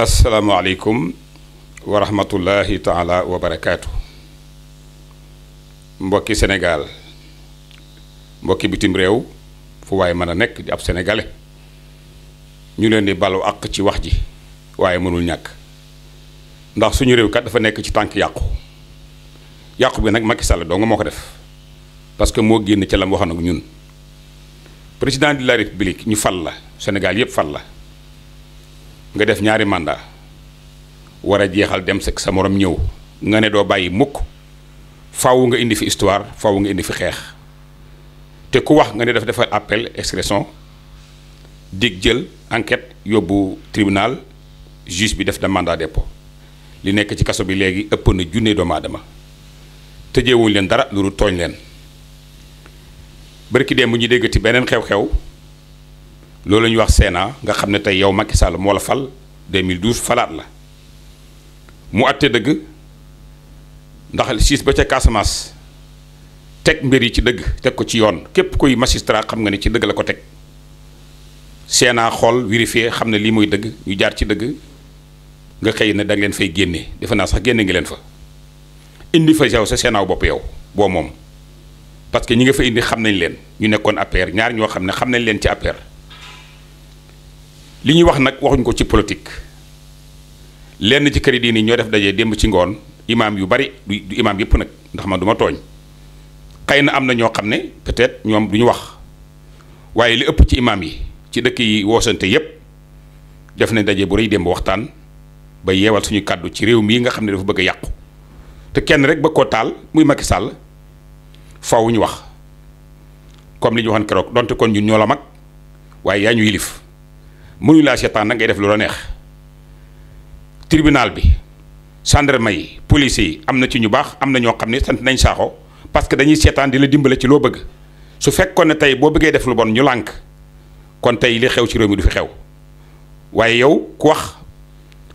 Assalamualaikum warahmatullahi taala wa barakatuh. Senegal. Senegal, bitim rew fu waaye mana nek di ab sénégalais ñu leen di balu ak ci wax ji waye mënul ñak. ndax suñu rew kat dafa nek ci tank yaqku. Yaqku bi nak Macky Sall do nga moko def parce que mo genn ci lam waxana ñun président de la république ñu fal la Sénégal yépp fal la nga def ñaari mandat war a jeexal dem sa sa morom ñëw nga ne doo bàyyi mukk faaw nga indi fi histoire faaw nga indi fi xeex te ku wax nga ne daf defar appel expression dig jël enquête yóbbu tribunal juge bi def da mandat dépôt li nekk ci kaso bi léegi ëpp na junne doomu aadama tëjeewuñ leen dara loolu tooñ leen bërki dem bu ñu déggati beneen xew-xew loolu la wax seenaa nga xam ne tey yow Macky Sall moo la fal 2012 falaat la mu àtte dëgg ndax siis ba ca Casamance teg mbir yi ci dëgg teg ko ci yoon képp kuy magistrat xam nga ne ci dëgg la ko teg seenaa xool vérifié xam ne lii mooy dëgg ñu jaar ci dëgg nga xëy na da leen fay génne defe naa sax génne ngi leen fa indi fa yow sa Sénat bopp yow boo moom parce que ñi nga fa indi xam nañ leen ñu nekkoon APR ñaar ñoo xam ne xam nañ leen ci APR. li ñuy wax nag waxuñ ko ci politique lenn ci këri ni ñoo def daje démb ci ngoon imam yu bari du imam yépp nag ndax man duma tooñ xëy na am na ñoo xam ne peut-être ñoom du ñu wax waaye li ëpp ci imam yi ci dëkk yi woosante yépp def nañ daje bu rëy démb waxtaan ba yeewal suñu kàddu ci réew mi nga xam ne dafa bëgg a yàqu kenn rek bëgg koo taal muy Macky Sall faaw ñu wax comme li ñu waxoon keroog donte kon ñun ñoo la mag waaye yilif mënuñu laa seetaan nag ngay def loola neex tribunal bi gendarme yi police yi am na ci ñu baax am na ñoo xam ne sant nañ saaxo parce que dañuy seetaan di la dimbale ci loo bëgg su fekkoon ne tey boo bëggee def lu bon ñu lànk kon tey li xew ci réew mi du fi xew waaye yow ku wax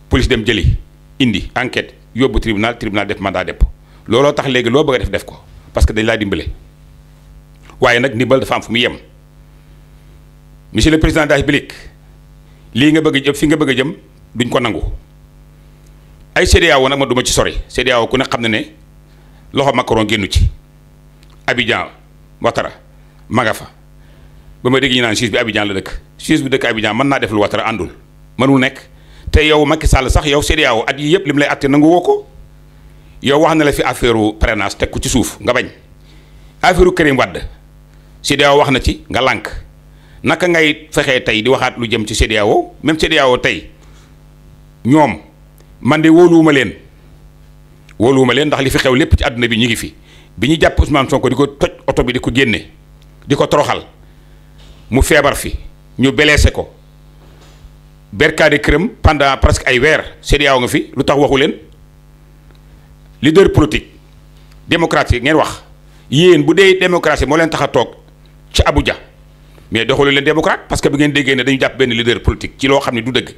police dem jëli indi enquête yóbbu tribunal tribunal def mandat dépôt looloo tax léegi loo bëgg a def def ko parce que dañ laa dimbale waaye nag ndimbal dafa am fu muy yem monsieur le président de lii nga bëgg fi nga bëgg a jëm duñ ko nangu ay CEDEAO nag ma duma ci sori CEDEAO ku ne xam ne ne loxo Macron génnu ci Abidjan Ouattara ma nga fa ba ma dégg ñu naan Suisse bi Abidjan la dëkk Suisse dëkk Abidjan mën naa def lu Ouattara àndul mënul nekk te yow Macky Sall sax yow CEDEAO at yii yëpp li mu lay atte nangu woo ko yow wax na la fi affaire u teg ku ci suuf nga bañ affaire u Karim Wade wax na ci nga lànk naka ngay fexee tey di waxaat lu jëm ci CEDEAO même CEDEAO tey ñoom man de wóoluwuma leen wóoluwuma leen ndax li fi xew lépp ci àdduna bi ñu ngi fi bi ñu jàpp soo ko di ko toj oto bi di ko génne di ko toroxal mu feebar fi ñu blessé ko berkade këram pendant presque ay weer CEDEAO nga fi lu tax waxu leen leader politique démocratie ngeen wax yéen bu dee démocratie moo leen tax a toog ci Abuja mais doxalu leen démocrate parce que bi ngeen déggee ne dañu jàpp benn leader politique ci loo xam ne du dëgg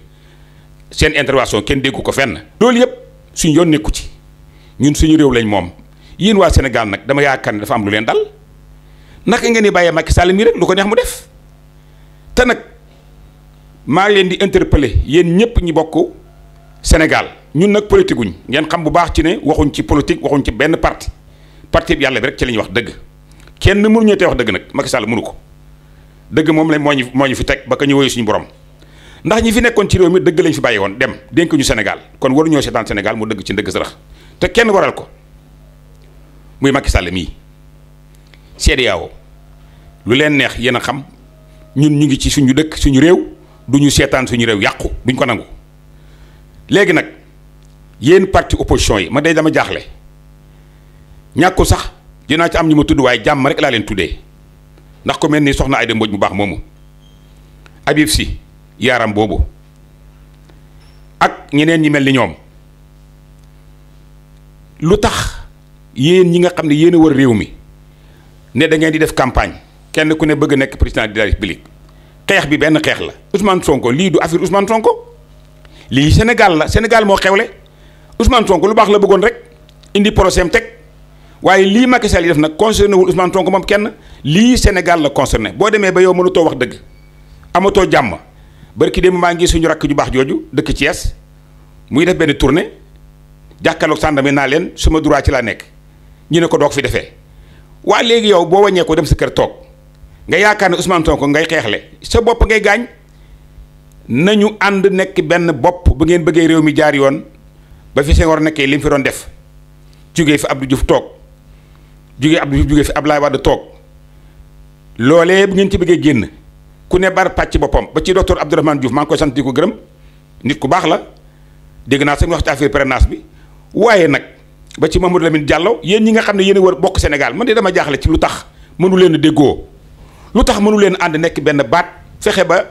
seen intervention kenn déggu ko fenn. loolu yëpp suñu yoon nekku ci ñun suñu réew lañ moom yéen waa Sénégal nag dama yaakaar ni dafa am lu leen dal naka ngeen di bàyyee Macky Sall mii rek lu ko neex mu def te nag maa ngi leen di interpeller yéen ñëpp ñi bokk Sénégal ñun nag politique wuñ ngeen xam bu baax ci ne waxuñ ci politique waxuñ ci benn parti parti bi yàlla rek ci li ñuy wax dëgg kenn mënuñu tey wax dëgg nag Macky Sall mënu ko. dëgg moom la moo ñu moo ñu fi teg ba ka ñu woyu suñu borom ndax ñi fi nekkoon ci réew mi dëgg lañ fi bàyyi woon dem dénk ñu Sénégal kon waruñoo seetaan Sénégal mu dëgg ci ndëgg sërëx te kenn waral ko muy Macky Sall mii CEDEAO lu leen neex yéen a xam ñun ñu ngi ci suñu dëkk suñu réew du ñu seetaan suñu réew yàqu duñ ko nangu léegi nag yéen parti opposition yi ma day dama jaaxle ñàkku sax dinaa ci am ñu ma tudd waaye jàmm rek laa leen tuddee. ndax ku mel ni soxna Aïda Mbodj bu baax moomu Habib Sy yaaram boobu ak ñeneen ñi mel ni ñoom lu tax yéen ñi nga xam ne yéen a war réew mi ne da ngeen di def campagne kenn ku ne bëgg nekk président de la république xeex bi benn xeex la Ousmane Sonko lii du affaire Ousmane Sonko lii Sénégal la Sénégal moo xewle Ousmane Sonko lu baax la bëggoon rek indi procès teg. waye li Macky Sall def nak concerné wul Ousmane Tonko mom kenn lii Sénégal la concerné bo démé ba yow mënutoo wax dëgg amato jamm barki dem ma ngi suñu rak ju baax jooju dëkk yes muy def benn tournée jàkkaarloog sàndami na len suma droit ci la nek ñi ne ko dok fi defee wa légui yow bo wàññee ko dem sa kër tok nga yaakaar Ousmane Tonko ngay xéxlé sa bop ngay gañ nañu and nek ben bop bu ngeen bëggé réew mi jaar yoon ba fi sé war nekké lim fi doon def jugee fi Abdou Diouf tok jógee Abdou Diouf jógee fi Abdoulaye toog loolee bu ngeen ci bëggee génn ku ne bar pàcc boppam ba ci docteur Abdourahmane Diouf maa ngi koy sant di ko gërëm nit ku baax la dégg naa sax wax ci affaire prénance bi waaye nag ba ci Mamadou Lamine Diallo yéen ñi nga xam ne yéen a bokk Sénégal man de dama jaaxle ci lu tax mënu leen a déggoo lu tax mënu leen ànd nekk benn baat fexe ba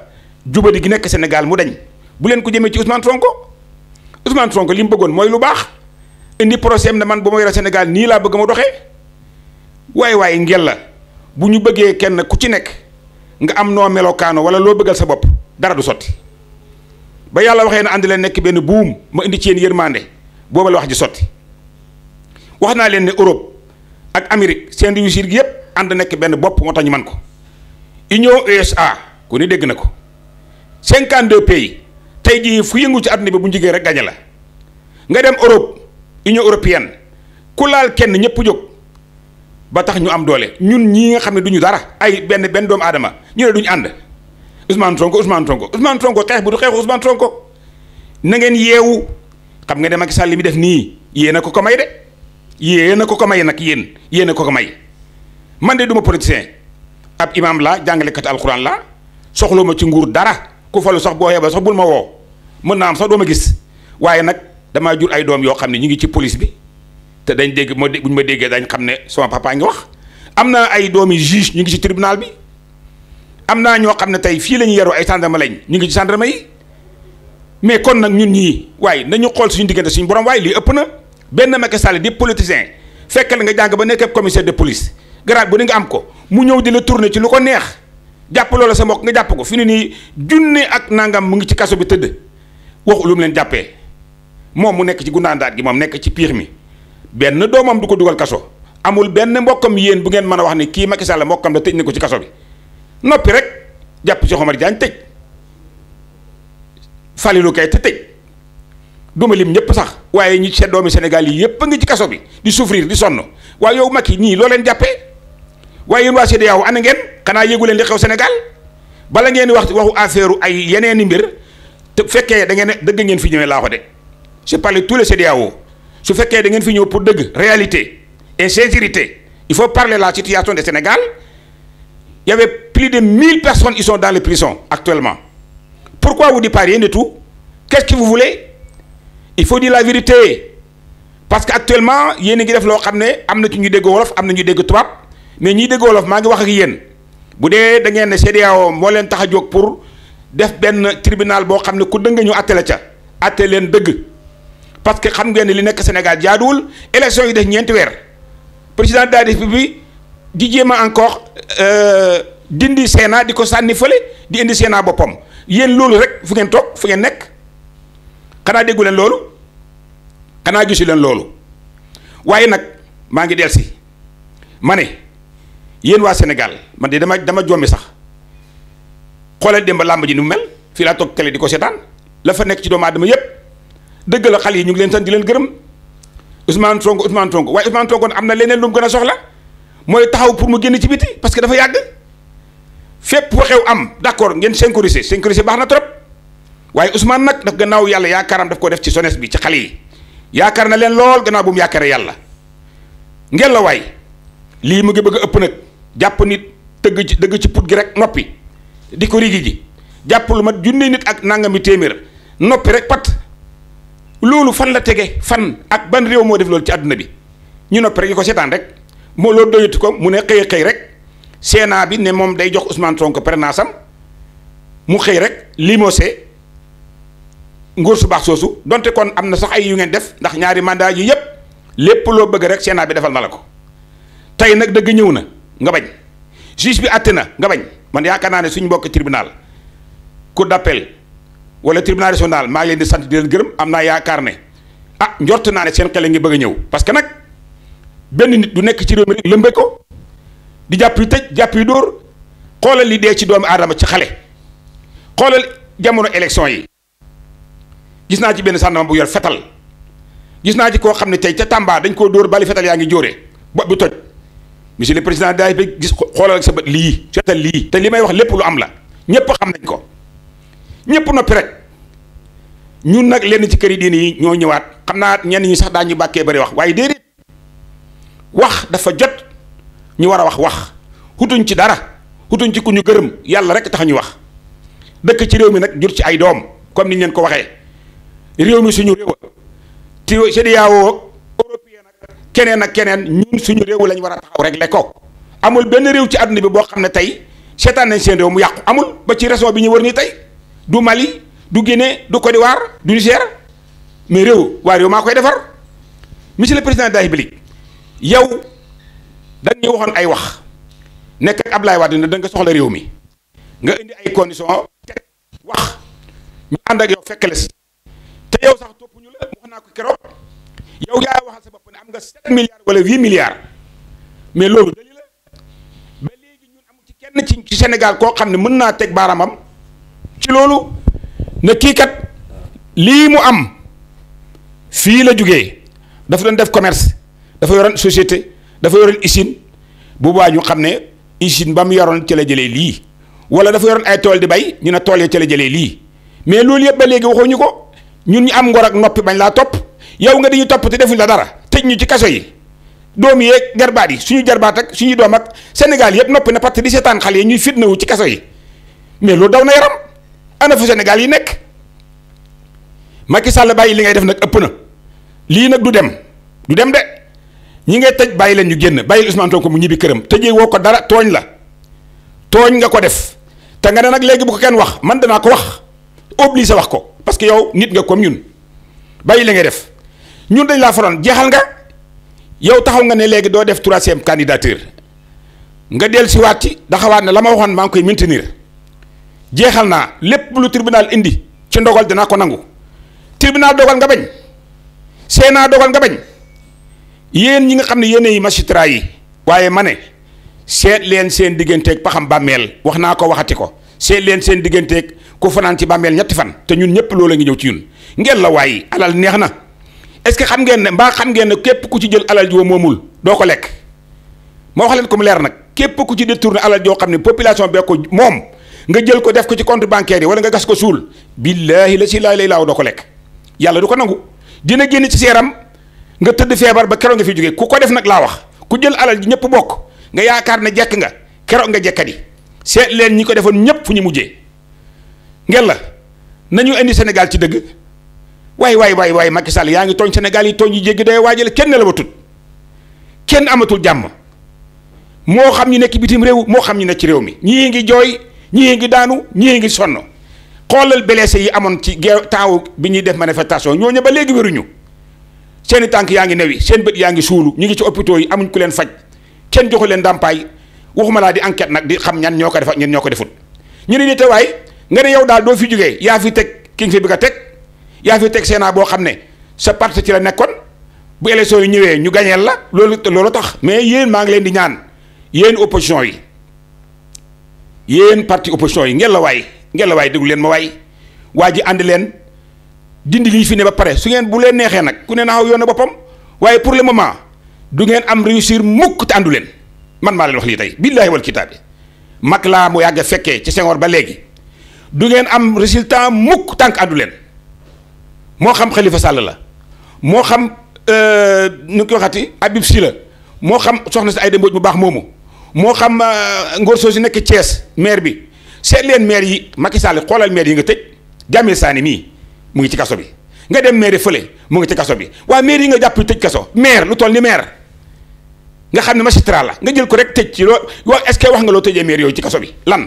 jubadi gi nekk Sénégal mu dañ bu leen ko jëmee ci Ousmane Sonko Ousmane Sonko li mu bëggoon mooy lu baax indi procès am ne man bu ma nii laa bëgg ma doxee waay waay ngel la bu ñu bëggee kenn ku ci nekk nga am noo melokaano wala loo bëggal sa bopp dara du sotti ba yàlla waxee na àndi leen nekk benn buum ma indi ci yenn yërmande booba la wax ji sotti wax naa leen ne Europe ak Amérique seen réussite gi yépp ànd nekk benn bopp moo tax ñu man ko Union USA ku ni dégg na ko 52 pays tey jii fu yëngu ci àdduna bi bu ñu jigee rek gañe la nga dem Europe Union européenne ku laal kenn ñëpp jóg ba tax ñu am doole ñun ñii nga xam ne du ñu dara ay benn benn doomu aadama ñu ne du ñu ànd Ousmane Sonko Ousmane Sonko Ousmane Sonko xeex bu du xeexu Ousmane Sonko na ngeen yeewu xam nga dem ak Sall li mi def nii yéen a ko ko may de yéen a ko ko may nag yéen yéen a ko ko may man de du ma politicien ab imam laa jàngalekat alxuraan laa soxloo ma ci nguur dara ku falu sax boo xeeba sax bul ma woo mën naa am sax doo ma gis waaye nag damaa jur ay doom yoo xam ne ñu ngi ci police bi. te dañ dégg ma dé bu ñu ma déggee dañ xam ne sama papa ngi wax am na ay doomi juge ñu ngi ci tribunal bi am naa ñoo xam ne tey fii la ñu yaroo ay gendarme lañ ñu ngi ci gendarme yi mais kon nag ñun ñii waaye nañu xool suñu diggante suñu borom waaye lii ëpp na benn Macky Sall di politicien fekk la nga jàng ba nekk commissaire de police grade bu ne nga am ko mu ñëw di la tourner ci lu ko neex jàpp loola sa mbokk nga jàpp ko fi ne nii junne ak nangam mu ngi ci kaso bi tëdd waxu lu leen jàppee moom mu nekk ci gundaandaat gi moom nekk ci piir mi. benn doomam du ko dugal kaso amul benn mbokkam yéen bu ngeen mën a wax ni kii Macky Sall mbokkam la tëj na ko ci kaso bi noppi rek jàpp ci Omar Diagne tëj Falilou Keita tëj duma lim ñëpp sax waaye ñi seddoomi doomi Sénégal yi yëpp a ngi ci kaso bi di souffrir di sonn waaye yow Macky ñii loo leen jàppee waaye yéen waa CEDEAO ana ngeen xanaa yégu leen li xew Sénégal bala ngeen wax waxu affaire ay yeneeni mbir te fekkee da ngeen dëgg ngeen fi ñëwee laa de c'est parler tous y a da que fi ñëw pour dëgg réalité et sincérité il faut parler de la situation du Sénégal il y avait plus de 1000 personnes qui sont dans les prisons actuellement pourquoi vous dites pas rien de tout qu'est-ce que vous voulez il faut dire la vérité parce qu'actuellement, il y a des def qui xam ne des choses, ci ñu des wolof qui ont ñu dégg tubaab mais ni dégg wolof ma ngi wax ak yéen bu choses. da ngeen ne CEDEAO mo leen taxajok pour def ben tribunal bo xamné ku dëng ñu parce que xam ngeen ne li nekk Sénégal jaaduwul élection yi def ñeenti weer président de la bi di jéem a encore euh, dindi Sénat di ko sànni fale di indi Sénat boppam yéen loolu rek fu ngeen toog fu ngeen nekk xanaa déggu leen loolu xanaa gisu leen loolu waaye nag maa ngi dellu si ma ne yéen waa Sénégal ma de dama dama jommi sax xoolal démb làmb ji ni mu mel fii laa toog télé di ko seetaan la fa nekk ci doomu aadama yépp deug la xali ñu ngi leen sant di leen gërëm Ousmane Sonko Ousmane Sonko way Ousmane Sonko amna leneen lu mu gëna soxla moy taxaw pour mu génn ci biti parce que dafa yag fépp waxew am d'accord ngeen sécuriser sécuriser baxna trop waaye Ousmane nak daf gannaaw ya yaakaaram daf ko def ci sones bi ci xali yi na leen lool gannaaw bu mu yaakaaree yalla ngeen la way li mu ngi bëgg ëpp nak japp nit teug ci deug ci put gi rek noppi diko rigi ji japp lu mat junni nit ak nangami témir noppi rek pat loolu fan la tege fan ak ban réew moo def loolu ci àdduna bi ñu noppi rek ñu ko seetaan rek moo loolu doyatu ko mu ne xëy xëy rek Sénat bi ne moom day jox Ousmane Sonko parrainage am mu xëy rek limosé nguur su baax soosu donte kon am na sax ay yu ngeen def ndax ñaari mandat yi yépp lépp loo bëgg rek seenaa bi defal na la ko tey nag dëgg ñëw na nga bañ juge bi àtte na nga bañ man yaakaar naa ne suñ mbokk tribunal cour d'appel wala tribunal régional maa ngi leen di sant di leen gërëm am naa yaakaar ne ah njort naa ne seen xel ngi bëgg ñëw parce que nag benn nit du nekk ci réew mi rek ko di jàpp yu tëj jàpp yu dóor xoolal li dee ci doomu aadama ci xale xoolal jamono élection yi gis naa ci benn sàndama bu yor fetal gis naa ci koo xam ne tey ca Tamba dañ koo dóor bali fetal yaa ngi jóore bopp bi toj monsieur le président daay bi gis xoolal ak sa bët lii fetal lii te li may wax lépp lu am la ñëpp xam nañ ko ñepp nopi rek ñun nak lenn ci kër diine yi ñoo ñëwaat xam naa ñenn ñi sax wah, bàkkee bari wax waaye déedéet wax dafa jot ñu war a wax wax hutuñ ci dara hutuñ ci ku ñu gërëm yàlla rek tax ñu wax dëkk ci réew mi nag jur ci ay doom comme niñ leen ko waxee réew mi suñu réew ci européen nag keneen ak keneen ñun suñu réew lañ war taxaw rek ko amul benn réew ci àdduna bi boo xam ne tey seetaan nañ seen réew mu yàqu amul ba ci réseau bi ñu wër ni tey du Mali du Guinée du Côte d'Ivoire du Niger mais réew waa réew maa koy defar monsieur le président de la République yow dañuy waxoon ay wax nekk ab Ablaye Wade ne da nga soxla réew mi nga indi ay conditions wax ñu ànd ak yow fekk la si te yow sax topp la wax naa ko keroog yow yaa waxal sa bopp ne am nga 7 milliards wala 8 milliards mais loolu dañu la ba léegi ñun amu ci kenn ci Sénégal koo xam ne mën naa teg baaraamam. ci loolu ne kii kat lii mu am fii la jógee dafa doon def commerce dafa yoroon société dafa yoroon usine bu boobaa ñu xam ne usine ba mu yoroon ci la jëlee lii wala dafa yoroon ay tool di bay ñu ne tool yee ci la jëlee lii mais loolu yëpp léegi léegi ñu ko ñun ñu am ngor ak noppi bañ laa topp yow nga dañuy topp te defuñ la dara tëj ñu ci kaso yi. doom yeeg jarbaat yi suñu jarbaat ak ñu doom ak Sénégal yëpp noppi na parce que di seetaan xale yi ñuy fitnawu ci kaso yi mais loolu daw na yaram. ana fu Sénégal yi nekk Macky Sall bàyyi li ngay def nag ëpp na lii nag du dem du dem de ñi ngay tëj bàyyi leen ñu génn bàyyi Ousmane Sonko mu ñibbi këram tëjee woo ko dara tooñ la tooñ nga ko def te nga ne nag léegi bu ko kenn wax man danaa ko wax obligé wax ko parce que yow nit nga comme ñun bàyyi li ngay def ñun dañ laa faroon jeexal nga yow taxaw nga ne léegi doo def troisième candidature nga dellu waat ci daxawaat ne la ma waxoon maa ngi koy jeexal naa lépp lu tribunal indi ci ndogal dinaa ko nangu tribunal dogal nga bañ naa dogal nga bañ yéen ñi nga xam ne yéene yi magistrat yi waaye ma ne seet leen seen digganteeg paxam bàmmeel wax naa ko waxati ko seet leen seen digganteeg ku fanaan ci bàmmeel ñetti fan te ñun ñëpp loolu ngi ñëw ci ñun ngeen la waaye alal neex na est-ce que xam ngeen ne mbaa xam ngeen ne képp ku ci jël alal joo moomul doo ko lekk ma wax leen ko mu leer nag képp ku ci détourné alal joo xam ne population bee moom. nga jël ko def ko ci compte bancaire yi wala nga gas ko suul billaahi la si laa lay laaw doo ko lekk yàlla du ko nangu dina génn ci seeram nga tëdd feebar ba keroog nga fi jógee ku ko def nag laa wax ku jël alal ji ñëpp bokk nga yaakaar ne jekk nga keroog nga jekkadi seet leen ñi ko defoon ñëpp fu ñu mujjee ngel la ñu indi Sénégal ci dëgg waay waaye waay waaye Macky Sall yaa ngi tooñ Sénégal yi tooñ yi jéggi day waajal kenn la watul kenn amatul jàmm moo xam ñu nekk bitim réew moo xam ñu nekk ci réew mi ñii ngi daanu ñii ngi sonn xoolal blessé yi amoon ci geew taawu bi ñuy def manifestation ñooñu ba léegi wéruñu seeni tànk yaa ngi newi seen bët yaa ngi suulu ñu ngi ci hôpitaux yi amuñ ku leen faj kenn joxu leen ndàmpaay waxuma laa di enquête nag di xam ñan ñoo ko def ak ñoo ko defut ñu ne ni te waay nga ne yow daal doo fi jógee yaa fi teg ki nga fi bëgg teg yaa fi teg Sénat boo xam ne sa parti ci la nekkoon bu élection yi ñëwee ñu gañeel la loolu loolu tax mais yéen maa ngi leen di ñaan yéen opposition yi yéen parti opposition yi ngelawaay ngelawaay waay leen ma waay waa ji ànd leen dindi lii fi ne ba pare su ngeen bu leen neexee nag ku ne naaw yoon na boppam waaye pour le moment du ngeen am réussir mukk te àndu leen man maa leen wax lii tey billaahi wal kitaabi mag laa mu yàgg fekkee ci Senghor ba léegi du ngeen am résultat mukk tànk àndu leen moo xam Khalifa Sall la moo xam euh, nu ñu koy waxati Habib Sy la moo xam soxna si ay demboj bu baax moomu. moo xam euh, Ngor Sosi nekk Thiès maire bi seet leen maire yi Macky Sall xoolal maire yi nga tëj Jamil Sané mii mu ngi ci kaso bi nga dem maire fële mu ngi ci kaso bi waaye maire yi nga jàpp tëj kaso maire lu toll ni maire nga xam ne magistrat la nga jël ko rek tëj ci loo waa est-ce que wax nga loo tëjee maire yooyu ci kaso bi lan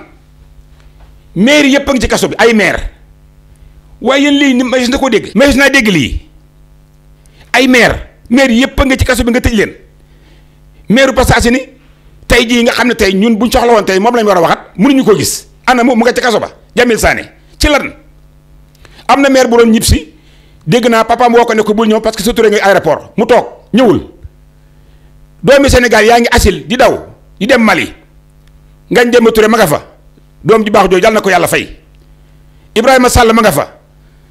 maire yëpp a ngi ci kaso bi ay maire waaye yéen lii ni magis na ko dégg magis naa dégg lii ay maire maire yëpp a nga ci kaso bi nga tëj leen maire Parcelles Assainies tey jii nga xam ne tey ñun bu soxla woon tey moom lañ war a waxat mënuñu ko gis ana moom mu nga ca kaso ba Jamil Sané ci lan am na maire bu doon ñibbisi dégg naa papaam woo ko ne ko bul ñëw parce que sa turé nga aéroport mu toog ñëwul doomi Sénégal yaa ngi asil di daw di dem Mali nga dem Touré ma nga fa doom ju baax jooju yàlla na ko yàlla fay Ibrahima Sall ma nga fa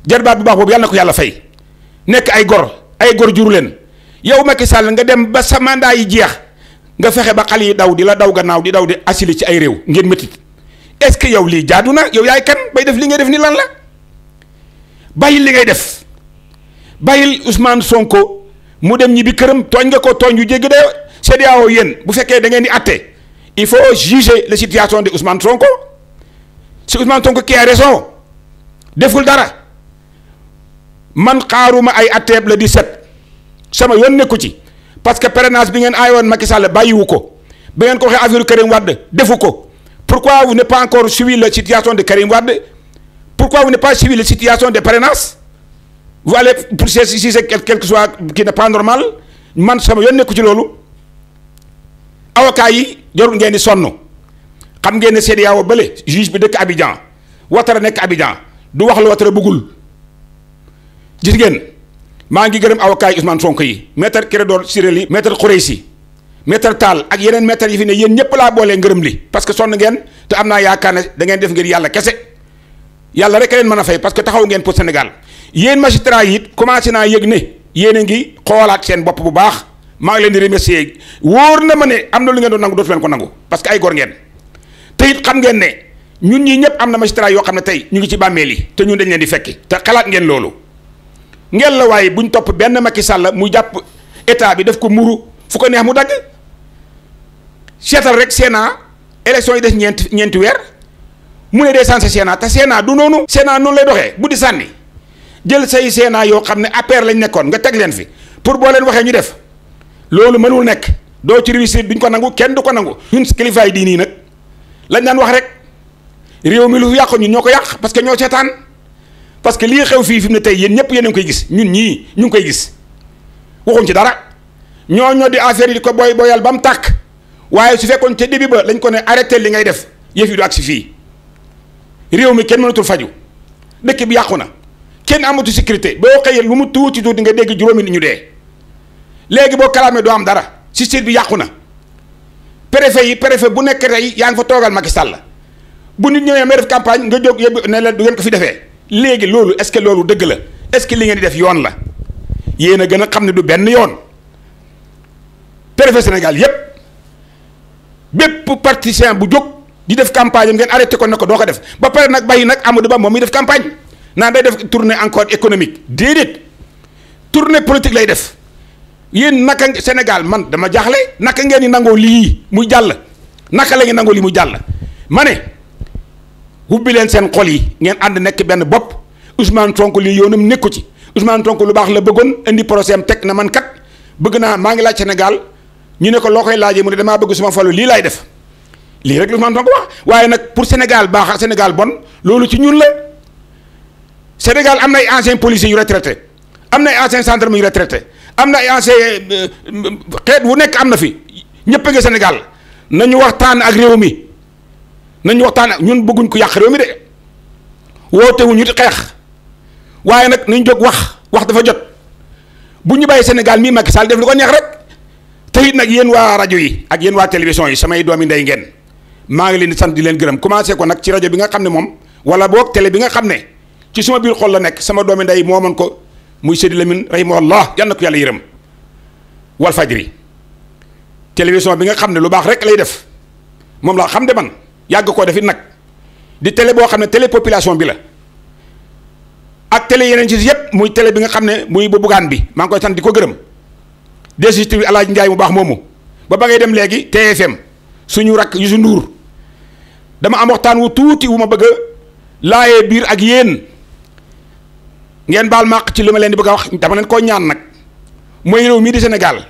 jarbaat bu baax boobu yàlla na ko yàlla fay nekk ay gor ay gor juru leen yow Macky Sall nga dem ba sa yi jeex nga fexe ba xal yi daw di la daw gannaaw di daw di asile ci ay réew ngeen métit est-ce que yow lii jaadu na yow yaay kan bay def li ngay def ni lan la bàyyil li ngay def bàyyil Ousmane Sonko mu dem ñi bi këram tooñ nga ko tooñ yu jéggi dayoo CEDEAO yéen bu fekkee da ngeen di àtte il faut juger la situation de Ousmane Sonko si Ousmane Sonko qui a raison deful dara man xaaruma ay àtteeb la di set sama yoon nekku ci. parce que parrainage bi ngeen aayoon Macky Sall bàyyiwu ko ba ngeen ko waxee Karim Wade defu pourquoi vous n'avez pas encore suivi la situation de Karim Wade pourquoi vous n'avez pas suivi la situation de parrainage vous allez pour si c'est quelque chose qui n'est pas normal man sama yoon nekku ci loolu avocats yi jarul ngeen di sonn xam ngeen ne CEDEAO bële juge bi dëkk Abidjan Ouattara nekk Abidjan du wax la Ouattara bëggul gis ngeen. maa ngi gërëm avocat yi Ousmane Sonko yi maître Clédor Ciré Ly maître Khoureyssi maître Tall ak yeneen maître yi fi ne yéen ñëpp laa boolee ngërëm li parce que sonn ngeen te am naa yaakaar ne dangeen ngeen def ngir yàlla kese yàlla rek a leen mën a fay parce que taxaw ngeen pour Sénégal yéen magistrat yi it commencé naa yëg ne yéen ngi xoolaat seen bopp bu baax maa ngi leen di remercier wóor na ma ne am na lu ngeen doon nangu dootu leen ko nangu parce que ay góor ngeen te it ne ñun ñii ñëpp am na magistrat yoo xam ne tey ñu ngi ci bàmmeel yi te ñun dañ leen di fekki te xalaat loolu ngel la waaye buñ topp benn Macky Sall mu jàpp état bi def ko muru fu ko neex mu dagg seetal rek Sénat élection yi des ñeenti ñeenti weer mu ne dee sànse Sénat te Sénat du noonu. Sénat noonu lay doxee bu di sànni jël say Sénat yoo xam ne APR lañ nekkoon nga teg leen fi pour boo leen waxee ñu def loolu mënul nekk doo ci réussir duñ ko nangu kenn du ko nangu. ñun kilifaay diini nag lañ daan wax rek réew mi lu yàqu ñoo ko yàq parce que ñoo seetaan. parce que lii xew fii fi mu ne tey yéen ñëpp yéen a koy gis ñun ñii ñu ngi koy gis waxuñ ci dara ñoo ñoo di affaire yi di ko booy boyal ba mu tàkk waaye su fekkoon ca début ba lañ ko ne arrêté li ngay def yëf yi du fii réew mi kenn mënatul faju dëkk bi yàqu na kenn amatu sécurité boo xëyee lu mu tuuti tuuti nga dégg juróomi nit ñu dee léegi boo kalaamee doo am dara système bi yàqu na préfet yi perefe bu nekk tey yaa ngi fa toogal Macky Sall bu nit ñëwee may def campagne nga jóg yëpp ne la du ngeen ko fi defee. est-ce que lolu deug la est-ce que li ngeen di def yoon la gëna du benn yoon préfet Sénégal yépp bépp partisan bu jóg di def campagne ngeen arrêté ko ne doko def ba paré Vous avez nak Amadou Ba def campagne Nan day def tournée encore économique déedéet tournée politique lay def yeen nak Sénégal man dama jaxlé vous ngeen di nango li muy jall nak la ngeen muy hubbi leen seen xol yi ngeen ànd nekk benn bopp Ousmane tonk lii yoonam nekku ci Ousmane Sonko lu baax la bëggoon indi procès am teg na man kat bëgg naa maa ngi laaj Sénégal ñu ne ko loo koy laajee mu ne damaa bëgg suma falu lii laay def lii rek Ousmane Sonko wax waaye nag pour Sénégal baax ak Sénégal bon loolu ci ñun la Sénégal am na ay anciens policiers yu retraité am na ay anciens gendarmes yu retraité am na ay anciens euh, euh, xeet wu nekk am na fi ñëpp a ngi Sénégal nañu waxtaan ak réew mi. nañu waxtaan ak ñun bëgguñ ko yàq réew mi de woote wuñu di xeex waaye nag nañ jóg wax wax dafa jot bu ñu bàyyi Sénégal mii Macky Sall def lu ko neex rek te it nag yéen waa rajo yi ak yéen waa télévision yi samay doomi ndey ngeen maa ngi leen sant di leen gërëm commencé ko nag ci rajo bi nga xam ne moom wala boog télé bi nga xam ne ci suma biir xol la nekk sama doomi ndey moo man ko muy Seydi Lamine rahimahullah yal na ko yàlla yërëm wal télévision bi nga xam ne lu baax rek lay def moom laa xam de yàgg koo defit nag di tele boo xam ne télé population bi la ak télé yeneen ci yëpp muy tele bi nga xam ne muy bu bugaan bi maa ngi koy sant di ko gërëm des desitui Alaaji Njaay mu baax moomu ba ba ngay dem léegi TFM suñu rakk Youssou nduur dama am waxtaan wu tuuti wu ma bëgg a laayee biir ak yéen ngeen baal ma ci lu ma leen di bëgg a wax dama leen koo ñaan nag mooy réew mii di Sénégal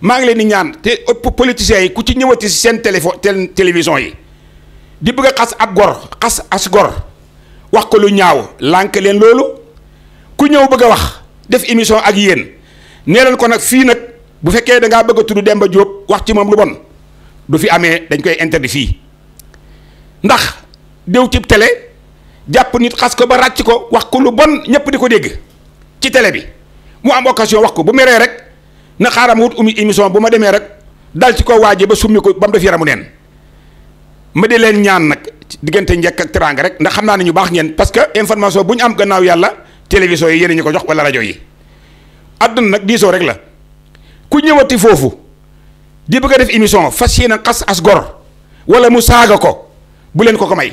maa ngi leen di ñaan te ëpp politiciens yi ku ci ñëwati si seen téléphone télévision yi di bëgg a xas ak gor xas as gor wax ko lu ñaaw lànk leen loolu ku ñëw bëgg a wax def émission ak yéen nee ko nag fii nag bu fekkee da ngaa bëgg a tudd Demba Diop wax ci moom lu bon du fi amee dañ koy interdit fii ndax déw ci tele jàpp nit xas ko ba ràcc ko wax ko lu bon ñëpp di ko dégg ci tele bi mu am occasion wax ko bu meree rek na xaaram wut umi émission bu ma demee rek dal ci ko waaje ba summi ko ba mu def yaramu neen ma di leen ñaan nag diggante njëkk ak teraanga rek ndax xam naa ne ñu baax ngeen parce que information bu ñu am gannaaw yàlla télévision yi yéen ñu ko jox wala rajo yi àdduna nag diisoo rek la ku ñëwati foofu di bëgg a def émission fas yéene xas as gor wala mu saaga ko bu leen ko ko may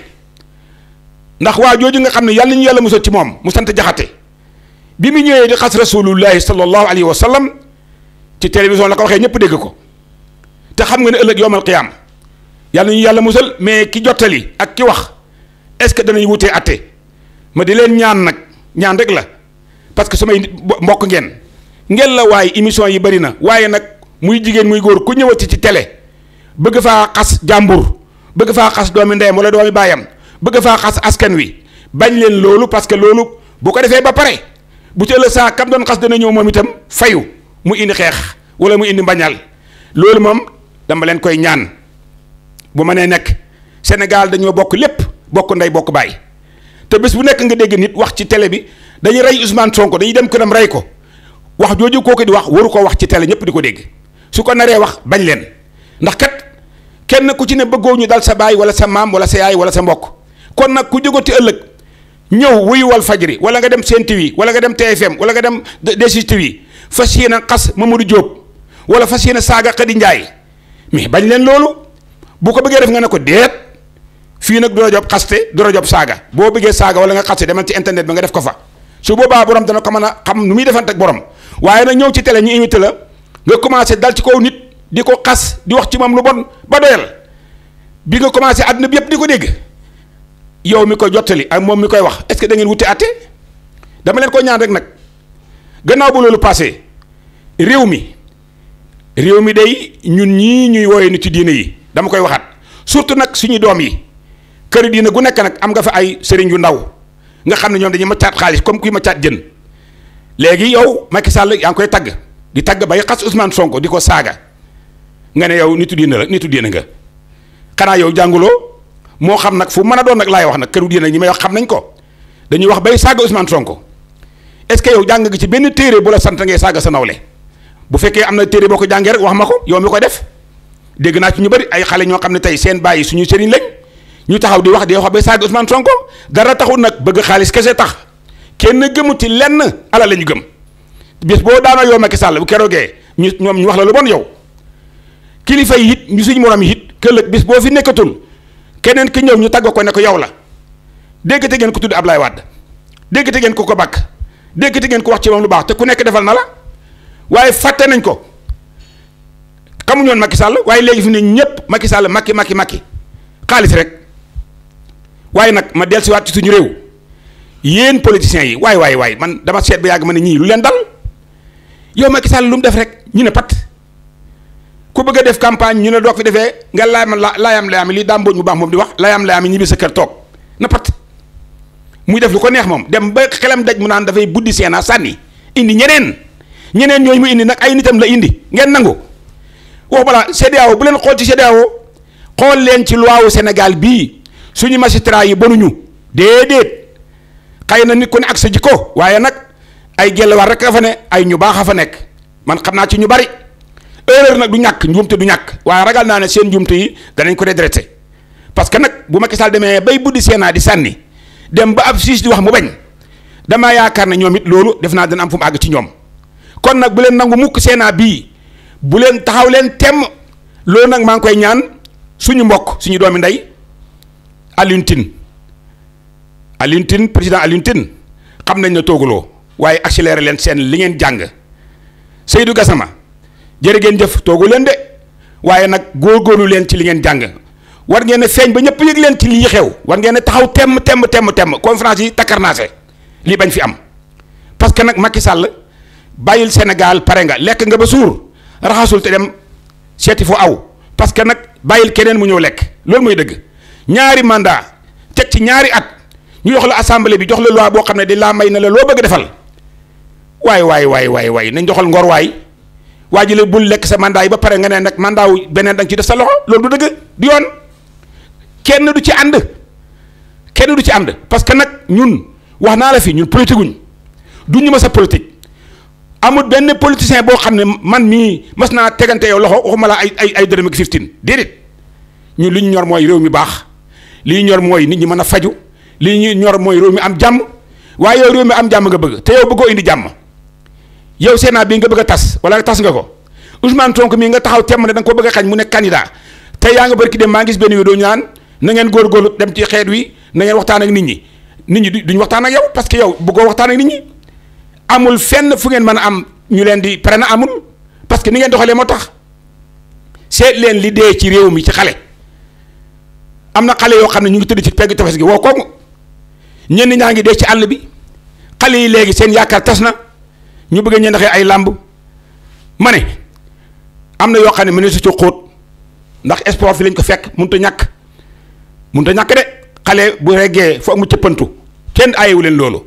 ndax waa jooju nga xam ne yàlla ñu yàlla musal ci moom mu sant jaxate bi mu ñëwee di xas rasulullahi sallallahu alayhi wa sallam ci télévision la ko waxee ñëpp dégg ko te xam nga ne ëllëg yowmal qiyaam yàlla ñu yàlla musal mais ki jottali ak ki wax est-ce que danañ wutee atte ma di leen ñaan nag ñaan rek la parce que samay mbokk ngeen ngeen la waaye émission yi bari na waaye nag muy jigéen muy góor ku ñëwati ci télé bëgg faa xas jàmbur bëgg faa xas doomi ndeyam wala doomi baayam bëgg faa xas askan wi bañ leen loolu parce que loolu bu ko defee ba pare bu ci ëllëg saa kam doon xas dana ñëw moom itam fayu mu indi xeex wala mu indi mbañal loolu moom dama leen koy ñaan bu mënee nekk Sénégal dañoo bokk lépp bokk ndey bokk baay te bés bu nekk nga dégg nit wax ci télé bi dañuy rey Ousmane Sonko dañuy dem këram rey ko wax jooju kooku di wax waru ko wax ci télé ñëpp di ko dégg su ko naree wax bañ leen ndax kat kenn ku ci ne bëggoo ñu dal sa baay wala sa maam wala sa yaay wala sa mbokk kon nag ku jógati ëllëg ñëw wuyu wal fajri wala nga dem Sen TV wala nga dem TFM wala nga dem Desis TV fas yéene xas Mamadou Diop wala fas yéene saaga Khady Ndiaye mais bañ leen loolu. bu ko bëggee def nga ne ko déet fii nag job xaste dora job saaga boo bëggee saaga wala nga xaste demal ci internet ba nga def ko fa su boobaa borom dana ko mën a xam nu muy defante ak borom waaye nag ñëw ci télé ñu invité la nga commencé dal ci kaw nit di ko xas di wax ci moom lu bon ba doyal bi nga commencé àdduna bi yëpp di ko dégg yow mi koy jottali ak moom mi koy wax est-ce que da ngeen wuti àtte dama leen ko ñaan rek nag gannaaw bu loolu passé réew mi réew mi day ñun ñii ñuy woowee nit ci diine yi dama koy waxaat surtout nag suñu doom yi kër diina gu nekk nag am nga fa ay sëriñ yu ndaw nga xam ne ñoom dañuy maccaat xaalis comme kuy caat jën léegi yow Macky Sall yaa ngi koy tagg di tagg bay xas Ousmane Sonko di ko saaga nga ne yow nitu diina la nitu diina nga xanaa yow jànguloo moo xam nag fu mën a doon nag laay wax nag këru diina ñi ma wax xam nañ ko dañuy wax bay saaga Ousmane Sonko est-ce que yow jàng nga ci benn téere bu la sant ngay saaga sa nawle bu fekkee am na téere boo ko jàngee wax ma ko yow mi ko def. dégg naa ci ñu bari ay xale ñoo xam ne tey seen bàyyi suñu sëriñ lañ ñu taxaw di wax di wax ba saaga Ousmane Sonko dara taxul nag bëgg xaalis kese tax kenn gëmu ci lenn ala la ñu gëm bis boo daanoo yow Macky Sall bu keroogee ñu ñoom ñu wax la lu bon yow kilifa yi it ñu suñu morom yi it këllëg bis boo fi nekkatul keneen ki ñëw ñu tàgg ko ne ko yow la dégg te ngeen ko tudd Ablaye Wade dégg te ngeen ko ko bàkk dégg te ngeen ko wax ci moom lu baax te ku nekk defal na la waaye fàtte nañ ko. xamuñu woon Macky Sall waaye léegi fi ne ñëpp Macky Sall Macky Macky Macky xaalis rek waaye nag ma dellusiwaat ci suñu réew yéen politiciens yi waaye waaye waaye man dama seet ba yàgg ma ne ñii lu leen dal yow Macky Sall lu mu def rek ñu ne pat ku bëgg a def campagne ñu ne doog fi defee nga laayam la laayam laayam li daam mu baax moom di wax laayam laayam ñibbi sa kër toog na pat muy def lu ko neex moom dem ba xelam daj mu naan dafay buddi seenaa sànni indi ñeneen ñeneen ñooñu mu indi nag ay nitam la indi ngeen woo balaa CEDEAO bu leen xool ci CEDEAO xool leen ci loi wu Sénégal bii suñu magistrat yi bonuñu déedéet xëy na nit ko ne ak sa jikko waaye nag ay gellwaar rek a fa ne ay ñu baax a fa nekk man xam naa ci ñu bari erreur nag du ñàkk njuumte du ñàkk waaye ragal naa ne seen njuumte yi danañ ko redressé parce que nag bu Macky Sall demee bay buddi Sénat di sànni dem ba ab siis di wax mu bañ dama yaakaar ne ñoom it loolu def naa dana am fu mu àgg ci ñoom kon nag bu leen nangu bii. bu leen taxaw leen temm loolu nag maa ngi koy ñaan suñu mbokk suñu doomi ndey Alioune Tine Alioune Tine président Alioune xam nañ ne tooguloo waaye accéléré leen seen li ngeen jàng Seydou Gassama jërë ngeen jëf toogu leen de waaye nag góor góorgóorlu leen ci li ngeen jàng war ngeen a feeñ ba ñëpp yëg leen ci lii xew war ngeen a taxaw temm temm temm temm conférence yi takkarnaase lii bañ fi am parce que nag makki sàll bàyyil Sénégal pare nga lekk nga ba suur. raxasul te dem seeti fu aw parce que nag bàyyil keneen mu ñëw lekk loolu mooy dëgg ñaari mandat teg ci ñaari at ñu jox la assemblée bi jox la loi boo xam ne di laa may na la loo bëgg defal waaye waaye waaye waaye waay nañ joxal ngor waay waa ji la bul lekk sa mandat yi ba pare nga ne nag mandat beneen da nga ci def sa loxo loolu du dëgg du yoon kenn du ci ànd kenn du ci ànd parce que nag ñun wax naa la fi ñun politique guñ duñ ñu ma sa politique amul benn politicien boo xam ne man mii mas naa tegante yow loxo waxuma laa ay ay ay dërëm ak fifteen déedéet ñun li ñu ñor mooy réew mi baax li ñu ñor mooy nit ñi mën a faju li ñu ñor mooy réew mi am jàmm waaye yow réew mi am jàmm nga bëgg te yow bëggoo indi jàmm yow Sénat bii nga bëgg a tas wala tas nga ko Ousmane Sonko mii nga taxaw temm ne da nga ko bëgg a xañ mu nekk candidat te yaa nga barki dem maa ngi gis benn vidéo ñu naan na ngeen góorgóorlu wi na ngeen waxtaan ak nit ñi nit ñi duñ waxtaan ak yow parce que yow bëggoo waxtaan ak nit amul fenn fu ngeen mën a am ñu leen di pare na amul parce que ni ngeen doxalee moo tax seet leen li dee ci réew mi ci xale am na xale yoo xam ne ñu ngi tëdd ci pegg tefes gi woo kooku ñenn ñaa ngi dee ci àll bi xale yi léegi seen yaakaar tas na ñu bëgg ñu ndaxee ay làmb ma ne am na yoo xam ne mënees su ci xóot ndax sport fi lañ ko fekk mënut a ñàkk mun a ñàkk de xale bu reggee foog mu cëppantu kenn aayewu leen loolu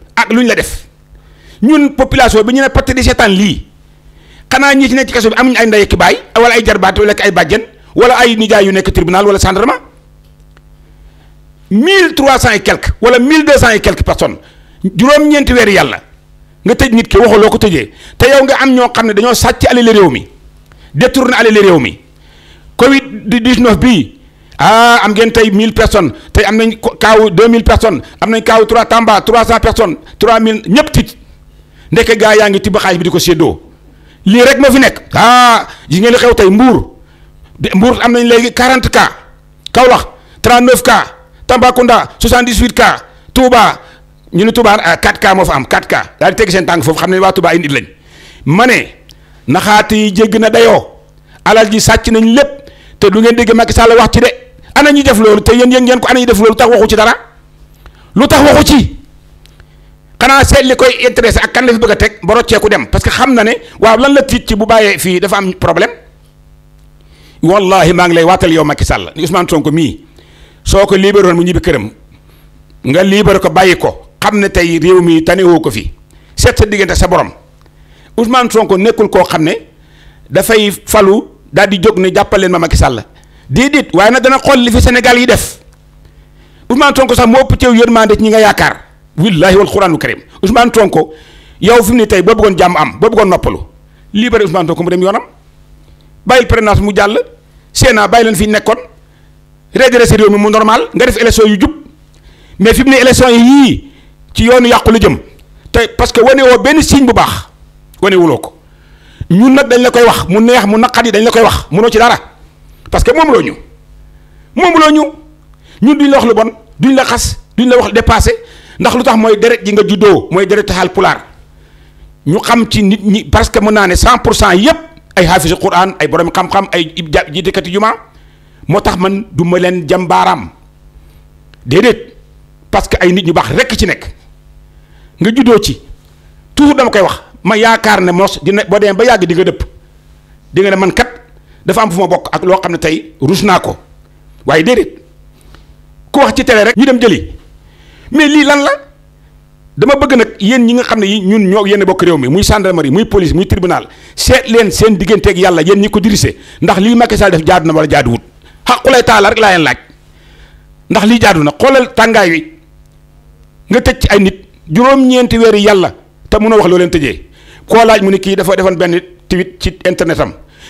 ak lu ñu la def ñun population bi ñu ne pàtte di seetaan lii xanaa ñi ci nekk ci kaso bi amuñ ay ndey ak baay wala ay jarbaat wala ay bàjjen wala ay nijaay yu nekk tribunal wala gendarmerie mille trois cent et quelque wala mille deux cent et quelque personnes juróom-ñeenti weeri yàlla nga tëj nit ki loo ko tëjee te yow nga am ñoo xam ne dañoo sàcc alal réew mi détourné alal réew mi Covid 19 bii. ah am ngeen tey 1000 personnes tey am nañ kaw 2000 personnes am nañ kaw 3 tamba 300 personnes 3000 ñëpp tit nek ga yaangi ngi tibb bi diko seddo li rek moo fi nek ah yi ngeen xew tey mbour mbour am nañ legi 40k kaolax 39k tambacounda 78k touba ñu ni touba 4k ah, mo fa am 4k daal tegg sen tank fofu xamne wa touba indi lañ mané naxaati jegg na dayo alal ji sacc nañ lepp te du ngeen deg Macky Sall wax ci de ana ñu def loolu te yéen yéen ngeen ko ana ñu def loolu tax waxu ci dara lu tax waxu ci xanaa seet li koy intéressé ak kan la fi bëgg a teg ba rocceeku dem parce que xam na ne waaw lan la tiit ci bu bàyyee fii dafa am problème wallahi maa ngi lay waatal yow Macky Sall ni Ousmane Sonko mii soo ko libéré woon mu ñibbi këram nga libéré ko bàyyi ko xam ne tey réew mi tanewoo ko fii seet sa diggante sa borom Ousmane Sonko nekkul koo xam ne dafay falu daal di jóg jàppaleen ma Macky Sall déedéet waaye nag dana xool li fi Sénégal yi def Ousmane Sonko sax moo ëpp teew yërmande ci ñi nga yaakaar wallaahi wal quraanul karim Ousmane Sonko yow fi mu ne tey boo bëggoon jàmm am boo bëggoon noppalu libéré Ousmane Sonko mu dem yoonam bàyyil présidence mu jàll Sénat bàyyi leen fi nekkoon redressé réew mi mu normal nga def élection yu jub mais fi mu ne élection yii ci yoonu yàqu lu jëm te parce que wane woo benn signe bu baax wane wuloo ko ñun nag dañ la koy wax mu neex mu naqat yi dañ la koy wax munoo ci dara. parce que moom loo ñu moom loo ñu ñun duñ la wax lu bon duñ la xas duñ la wax dépassé ndax lu tax mooy deret ji nga juddoo mooy deret taxal pulaar ñu xam ci nit ñi parce que mën naa ne cent pour cent yëpp ay xaafisu quran ay borom xam-xam ay ji jiitekati juma moo tax man du ma leen jàmbaaraam déedéet parce que ay nit ñu baax rekk ci nekk nga juddoo ci toujours dama koy wax ma yaakaar ne mos dina boo demee ba yàgg di nga dëpp di nga man kat dafa am fu ma bokk ak loo xam ne tey rus naa ko waaye déedéet ku wax ci télé rek ñu dem jëli mais lii lan la dama bëgg nag yéen ñi nga xam ne yi ñun ñoo yéen bokk réew mi muy gendarmerie muy police muy tribunal seet leen seen digganteeg yàlla yéen ñi ko dirise ndax lii Macky Sall def jaadu na wala jaaduwut xaqulay ah, taala rek laa leen laaj ndax lii jaadu na xoolal tàngaay wi nga tëj ci ay nit juróom-ñeenti weeri yàlla te a wax loo leen tëjee koo laaj mu ne kii dafa defoon benn tweet ci internet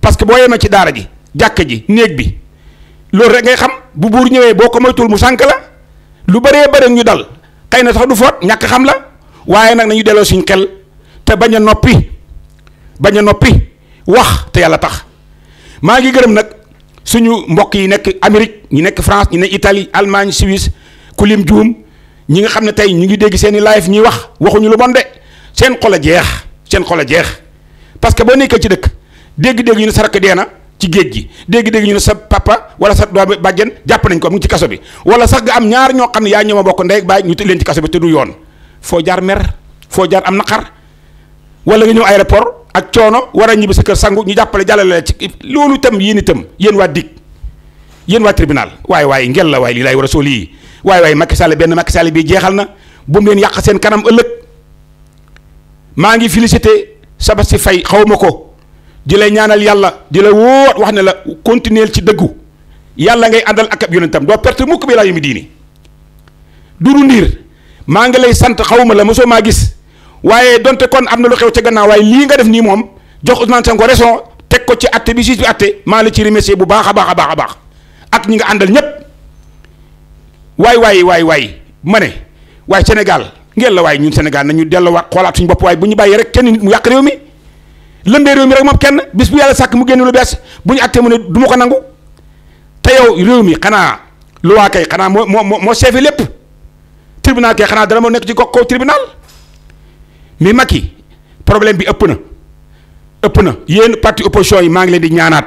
parce que boo yemee ci daara ji jàkka ji néeg bi loolu rek ngay xam bu buur ñëwee boo ko moytuwul mu sànk la lu baree bëri ñu dal xëy na sax du foot ñàkk xam la waaye nag nañu delloo suñ xel te bañ a noppi bañ a noppi wax te yàlla tax maa ngi gërëm nag suñu mbokk yi nekk Amérique ñi nekk France ñi nekk Italie Allemagne Suisse ku lim juum ñi nga xam ne tey ñu ngi dégg seen i live ñuy wax waxuñu lu bon de seen xol a jeex seen xol a jeex parce que boo nekkee ci dëkk. dégg-dégg ñu ne sa rakk dee na ci géej gi dégg-dégg ñu ne sa papa wala sa doom bàjjen jàpp nañ ko mu ngi ci kaso bi wala sax nga am ñaar ñoo xam ne yaa ñoom a bokk ndey bàyyi ñu tëj leen ci kaso bi te du yoon foo jaar mer foo jaar am naqar wala nga ñëw aéroport ak coono war a ñibbi sa kër sangu ñu jàppale jàllale la ci loolu itam yéen yéen waa DIC yéen waa tribunal waaye waaye ngel la waaye lii laay war a sóol yii waaye waaye Macky benn Macky Sall bii jeexal na bu leen yàq seen kanam ëllëg maa ngi félicité Sabassi Faye xaw ma ko di la ñaanal yàlla di la wóor wax ne la continuer ci dëggu yàlla ngay àndal ak ab yonentam doo perte mukk bi laa yumi diini du Ndir maa ngi lay sant xawma la mosoo maa gis waaye donte kon am na lu xew ca gannaaw waaye lii nga def nii moom jox Ousmane Sonko raison teg ko ci atte bi juge bi atte maa la ci remercier bu baax a baax a baax a baax ak ñi nga àndal ñépp waay waay waay waay ma ne waaye Sénégal ngeen la waay ñun Sénégal nañu delluwaat xoolaat suñu bopp waaye bu ñu bàyyi rek kenn mu yàq réew lëmbee réew mi rek moom kenn bis bu yàlla sàkk mu génn lu bees bu ñu acté mu ne du ma ko nangu te yow réew mi xanaa luwaa kay xanaa moo moo moo seefi lépp tribunal kay xanaa dara moo nekk ci ko kaw tribunal mais Macky problème bi ëpp na ëpp na yéen parti opposition yi maa ngi leen di ñaanaat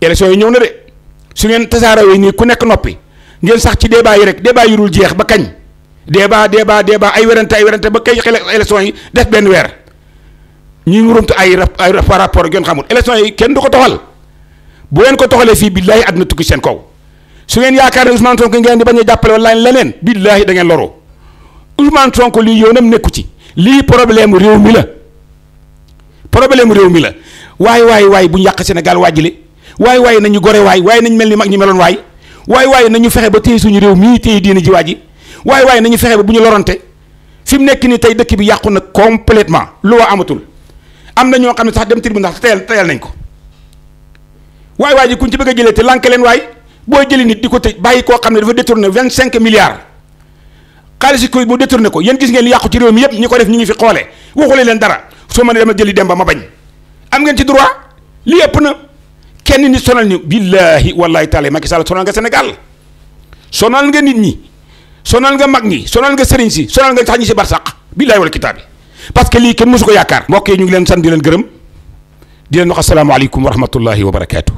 élection yi ñëw na de su ngeen tasaarawee nii ku nekk noppi ngeen sax ci débat yi rek débat yi dul jeex ba kañ débat débat débat ay werante ay werante ba kay élection yi def benn weer. ñuy ngurumtu ay ay par rapport ak yoon xamul élection yi kenn du ko toxal bu leen ko toxalee fii billaahi àdduna tukki seen kaw su ngeen yaakaar ne Ousmane Sonko ngeen di bañ a jàppale wala leneen billaahi da ngeen loro Ousmane Sonko lii yoonam nekku ci lii problème réew mi la problème réew mi la waaye waaye waaye bu ñu yàq Sénégal waajile waaye waay nañu gore waay waay nañu mel ni mag ñu meloon waay waay waay nañu fexe ba téye suñu réew mii téye diine ji waa ji waay waay nañu fexe ba bu ñu lorante fi nekk nii tey dëkk bi yàqu na complètement lu waa amatul. am na ñoo xam ne sax dem tribunal ndax tayal tayal nañ ko waaye waay ji kuñ ci bëgg a jëlee te lànk leen waay boo jëli nit di ko tëj bàyyi koo xam ne dafa détourné vingt cinq milliards xaalis ko bu détourné ko yéen gis ngeen li yàqu ci réew mi yëpp ñi ko def ñu ngi fi xoolee waxule leen dara soo mënee dama jëli dem ba ma bañ am ngeen ci droit li ëpp na kenn nit sonal ñu billaahi wallaahi taala Macky Sall sonal nga Sénégal sonal nga nit ñi sonal nga mag ñi sonal nga sëriñ si sonal nga sax ñi si barsàq billaahi wal kitaabi parce que lii kenn mosu ko yaakaar mbokk yi ñu ngi leen sant di leen gërëm di leen wax asalaamaaleykum wa rahmatullahi wa barakaatu.